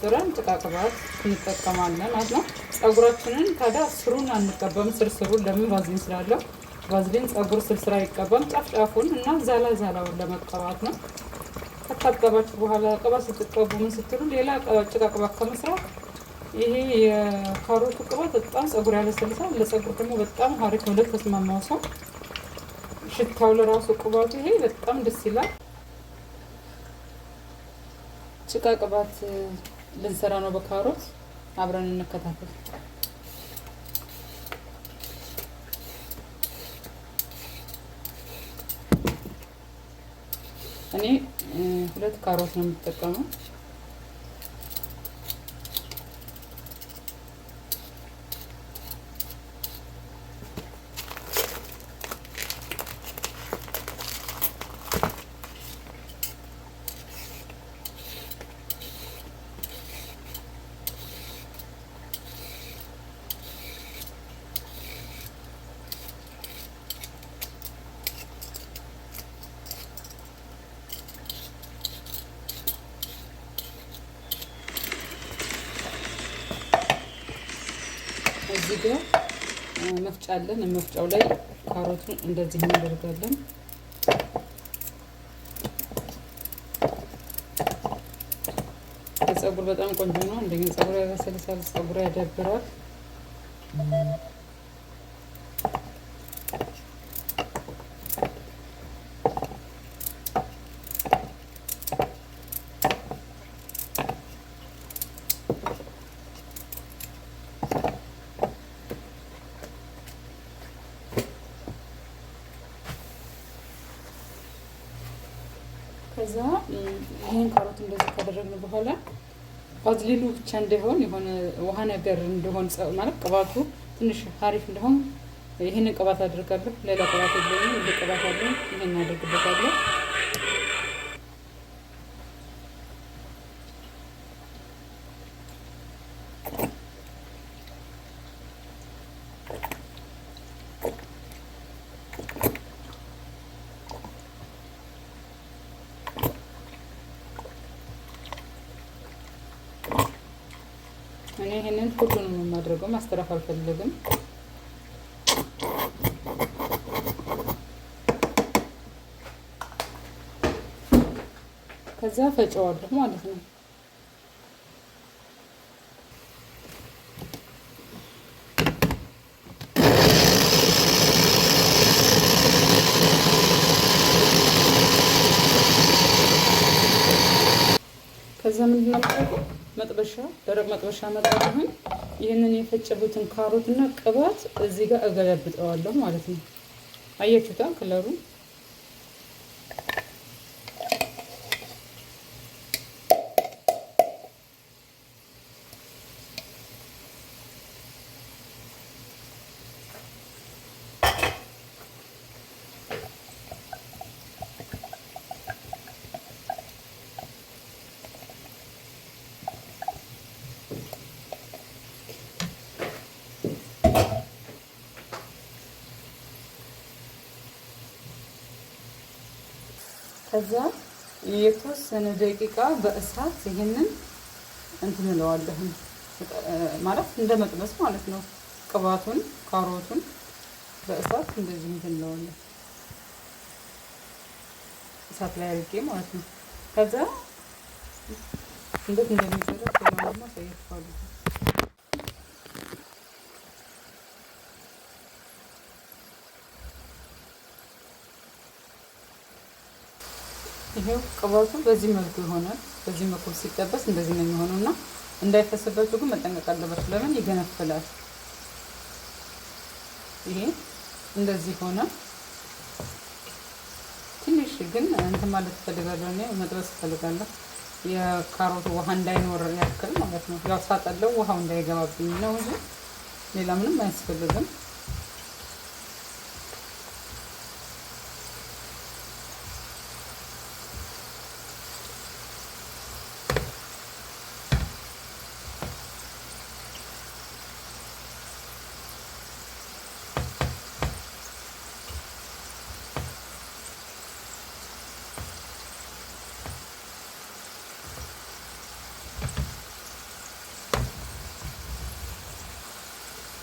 ድረን ጭቃ ቅባት እንጠቀማለን ማለት ነው። ፀጉራችንን ታዲያ ስሩን አንቀባም። ስርስሩን ለምን ቫዝሊን ስላለው ቫዝሊን ፀጉር ስርስር ስር አይቀባም። ጫፍ ጫፉን እና ዛላ ዛላውን ለመቀባት ነው። ከታጠባችሁ በኋላ ቅባት ስትቀቡ ምን ስትሉ ሌላ ጭቃ ቅባት ከመስራት ይሄ የካሮቱ ቅባት በጣም ፀጉር ያለሰልሳል። ለፀጉር ደግሞ በጣም ሀሪፍ ነው። ለተስማማው ሰው ሽታው ለራሱ ቅባቱ ይሄ በጣም ደስ ይላል። ጭቃ ቅባት ልንሰራ ነው በካሮት አብረን እንከታተል። እኔ ሁለት ካሮት ነው የምጠቀመው። እዚህ ጋር መፍጫ አለን። መፍጫው ላይ ካሮቱን እንደዚህ እናደርጋለን። ለጸጉር በጣም ቆንጆ ነው። እንደኛ ጸጉር ያለሰልሳል፣ ጸጉር ያዳብራል። ከዛ ይህን ካሮት እንደዚህ ካደረግን በኋላ አዝሊሉ ብቻ እንዳይሆን የሆነ ውሃ ነገር እንደሆን ማለት ቅባቱ ትንሽ አሪፍ እንደሆን ይህንን ቅባት አድርጋለሁ። ሌላ ቅባት የለኝም። ቅባት አለኝ። ይህን አድርግበታለሁ። እኔ ይሄንን ነው የማድረገው ማስተረፍ አልፈልግም። ከዛ ፈጨዋለሁ ማለት ነው። መጥበሻ ደረቅ መጥበሻ መጣሁን ይህንን የፈጨቡትን ካሮትና ቅባት እዚህ ጋር እገለብጠዋለሁ ማለት ነው። አያችሁታ ክለሩ ከዛ የተወሰነ ደቂቃ በእሳት ይህንን እንትን ማለት እንደ መጥበስ ማለት ነው። ቅባቱን ካሮቱን በእሳት እንደዚህ እንትን እለዋለሁ እሳት ላይ አድርጌ ማለት ነው። ከዛ እንዴት እንደሚሰራ ሰላም ይሄው ቅባቱ በዚህ መልኩ ይሆናል። በዚህ መልኩ ሲጠበስ እንደዚህ ነው የሚሆነውና እንዳይፈስባችሁ ግን መጠንቀቅ አለባችሁ። ለምን ይገነፍላል። ይሄ እንደዚህ ሆነ። ትንሽ ግን እንትን ማለት እፈልጋለሁ እኔ መጥበስ እፈልጋለሁ። የካሮት ውሃ እንዳይኖር ያክል ማለት ነው። ያው ሳጠለው ውሃው እንዳይገባብኝ ነው እንጂ ሌላ ምንም አያስፈልግም።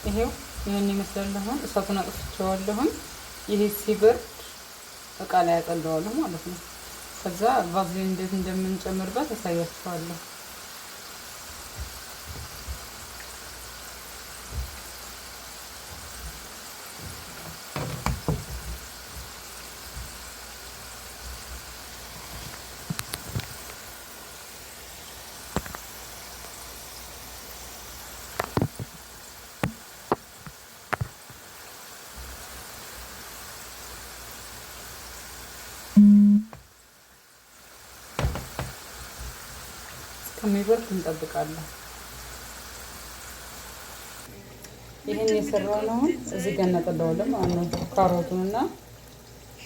ይሄው ይህን ይመስላል። አሁን እሳቱን አጥፍቼዋለሁኝ። ይሄ ሲበርድ እቃ ላይ ያጠለዋለሁ ማለት ነው። ከዛ ቫዝሊን እንዴት እንደምንጨምርበት አሳያችኋለሁ። ከሚበርድ እንጠብቃለን። ይህን የሰራነውን እዚህ ጋር እናጠለዋለን ማለት ነው። ካሮቱንና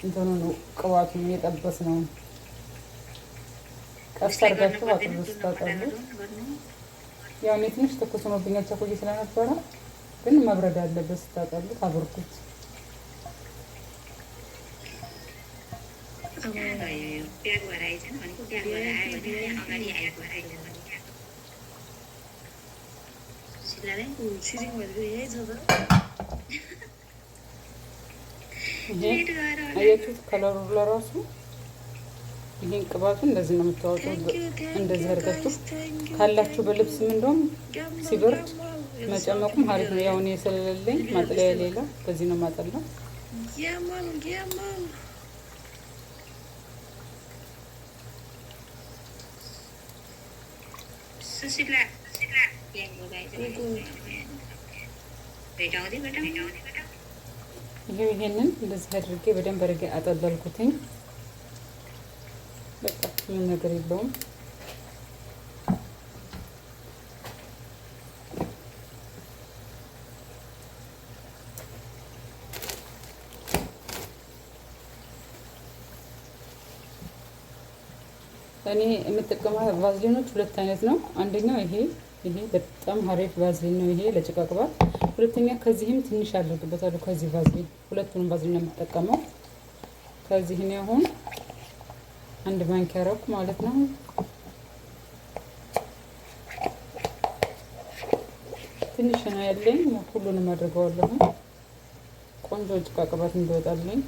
እንትኑን ቅባቱን የጠበስነውን ቀስ አድርጋችሁ አጥሩ ስታጠሉት፣ ያው እኔ ትንሽ ትኩስ ሆኖብኛል ቸኮዬ ስለነበረ፣ ግን መብረድ አለበት ስታጠሉት አብርኩት። người kia vừa đây chứ mình cũng kia vừa đây mình kia không ai đi ai vừa đây mình kia sizlerden konuşuyorum böyle yazalım. አያችሁት ከለሩ ራሱ ይሄን ቅባቱ እንደዚህ ነው የምታወጡት። እንደዚህ አድርጋችሁ ካላችሁ በልብስም እንደውም ሲበርድ መጨመቁም ሀሪፍ ነው። ያሁን የሰለለኝ ማጥለያ ሌላ በዚህ ነው ማጠላ 寿司ら言語がいただき ቤዳው ቤዳ ቤዳ ይሄ ይሄንን እንደዚህ አድርጌ በደንብ አድርጌ አጠለልኩትኝ። በቃ ምንም ነገር የለውም። እኔ የምጠቀመው ቫዝሊኖች ሁለት አይነት ነው። አንደኛው ይሄ ይሄ በጣም ሀሪፍ ቫዝሊን ነው። ይሄ ለጭቃ ቅባት። ሁለተኛ ከዚህም ትንሽ አደርግበታለሁ። ከዚህ ቫዝሊን ሁለቱንም ቫዝሊን ነው የምጠቀመው። ከዚህ እኔ አሁን አንድ ማንኪያ ረኩ ማለት ነው። ትንሽ ነው ያለኝ። ሁሉንም አድርገዋለሁ ቆንጆ ጭቃ ቅባት እንዲወጣልኝ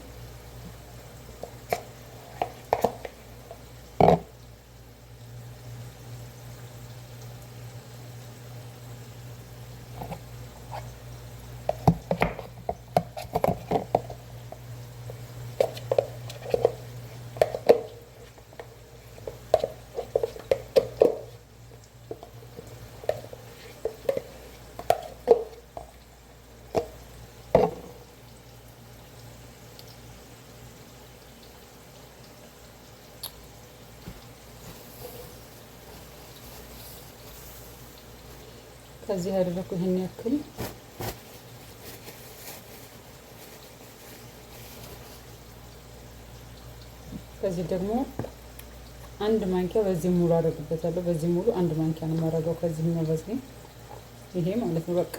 ከዚህ ያደረኩ ይህን ያክል ከዚህ ደግሞ አንድ ማንኪያ በዚህ ሙሉ አደርግበታለሁ። በዚህ ሙሉ አንድ ማንኪያ ነው የማደርገው። ከዚህ ነው በዚህ ይሄ ማለት ነው በቃ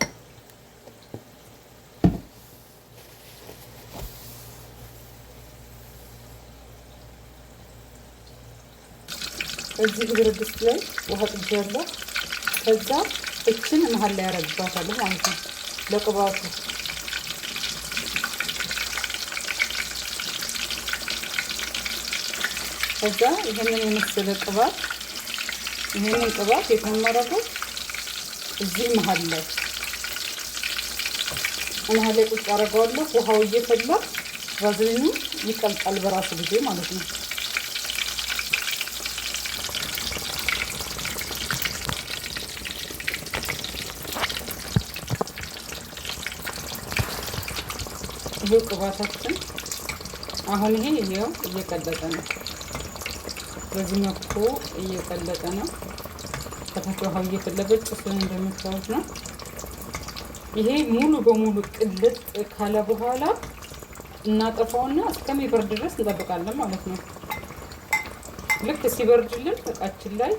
እዚህ ብረት ድስት ላይ ውሃ ጥጃለሁ። ከዛ እችን መሀል ላይ ያረግባታለሁ ማለት ነው ለቅባቱ ከዛ ይህንን የመሰለ ቅባት ይህንን ቅባት የተመረገው እዚህ መሀል ላይ መሀል ላይ ቁጭ አደርገዋለሁ። ውሃው እየፈላ ቫዝሊኑ ይቀልጣል በራሱ ጊዜ ማለት ነው። ይሄ ቅባታችን አሁን ይሄ ይሄው እየቀለጠ ነው። በዚህ መልኩ እየቀለጠ ነው። ከታች ውሃው እየፈለገች እሱን እንደምታዩት ነው። ይሄ ሙሉ በሙሉ ቅልጥ ካለ በኋላ እናጠፋውና እስከሚበርድ ድረስ እንጠብቃለን ማለት ነው። ልክ ሲበርድልን እቃችን ላይ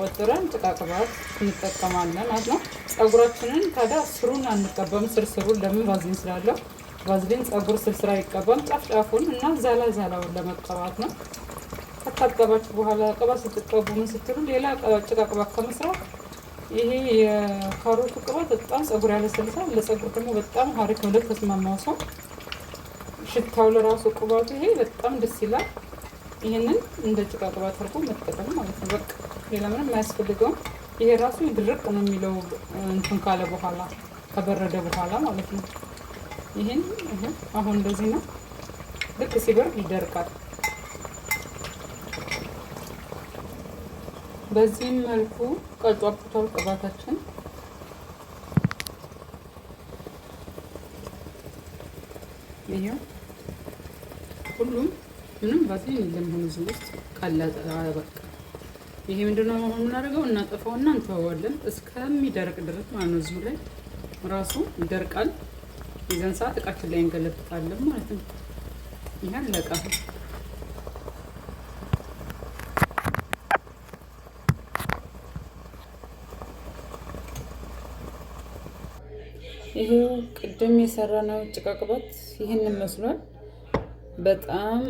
ቆጥረን ጭቃ ቅባት እንጠቀማለን ማለት ነው። ፀጉራችንን ታዲያ ስሩን አንቀባም። ስርስሩን ለምን ባዚን ስላለው ቫዝሊን ጸጉር ስርስር አይቀባም። ጫፍ ጫፉን እና ዛላ ዛላውን ለመቀባት ነው። ከታጠባችሁ በኋላ ቅባት ስትቀቡ ምን ስትሉ ሌላ ጭቃ ቅባት ከመስራት ይሄ የካሮቱ ቅባት በጣም ጸጉር ያለሰልሳል። ለጸጉር ደግሞ በጣም ሀሪፍ ነው። ተስማማው ሰው ሽታው ለራሱ ቅባቱ ይሄ በጣም ደስ ይላል። ይህንን እንደ ጭቃ ቅባት አድርጎ መጠቀም ማለት ነው። በቃ ሌላ ምንም አያስፈልገውም። ይሄ ራሱ ድርቅ ነው የሚለው እንትን ካለ በኋላ ከበረደ በኋላ ማለት ነው። ይህን አሁን እንደዚህ ነው። ልክ ሲበርድ ይደርቃል። በዚህም መልኩ ቀጫ አብቅቷል ቅባታችን። ሁሉም ምንም የለም። ሆኖ እዚህ ውስጥ በቃ ይሄ ምንድነው የምናደርገው? እናጠፋውና እንተዋዋለን እስከሚደርቅ ድረስ ማለት ነው። እዚሁ ላይ ራሱ ይደርቃል። የዛን ሰዓት እቃችን ላይ እንገለብጣለን ማለት ነው። ይህን ለቃ ይሄ ቅድም የሰራነው ጭቃቅባት ይህን መስሏል። በጣም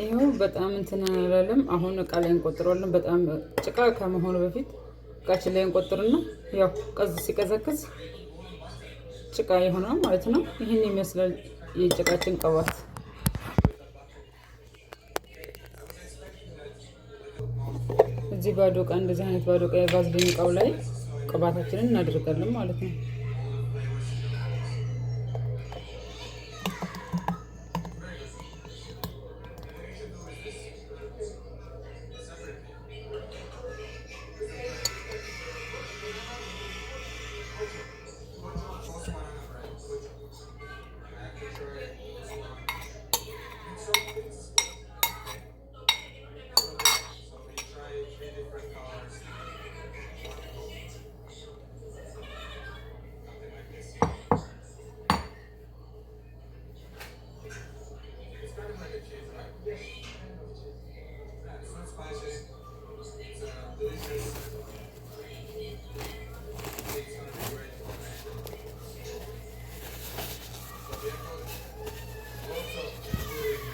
ይሄው በጣም እንትን አላለም። አሁን እቃ ላይ እንቆጥረዋለን። በጣም ጭቃ ከመሆኑ በፊት እቃችን ላይ እንቆጥርና ያው ቀዝ ሲቀዘቅዝ ጭቃ የሆነ ማለት ነው። ይህን ይመስላል የጭቃችን ቅባት። እዚህ ባዶ እቃ እንደዚህ አይነት ባዶ እቃ የቫዝሊን እቃው ላይ ቅባታችንን እናደርጋለን ማለት ነው።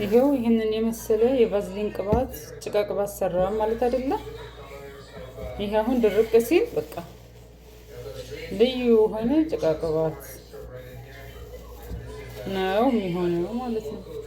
ይሄው ይህንን የመሰለ የቫዝሊን ቅባት ጭቃ ቅባት ሰራ ማለት አይደለም። ይሄ አሁን ድርቅ ሲል በቃ ልዩ የሆነ ጭቃ ቅባት ነው የሚሆነው ማለት ነው።